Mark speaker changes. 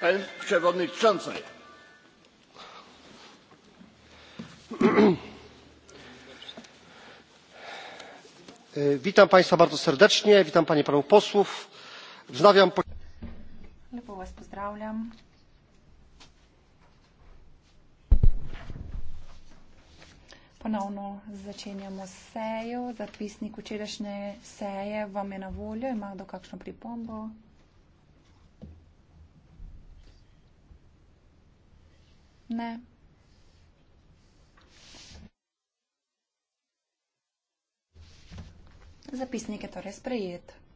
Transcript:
Speaker 1: pani
Speaker 2: przewodnicząca!
Speaker 3: witam państwa bardzo serdecznie witam panie i panów posłów. wznawiam
Speaker 4: ponovno začenjamo sejo. Zapisnik včerajšnje seje vam je na voljo. Ima kdo kakšno pripombo?
Speaker 5: Ne. Zapisnik je torej sprejet.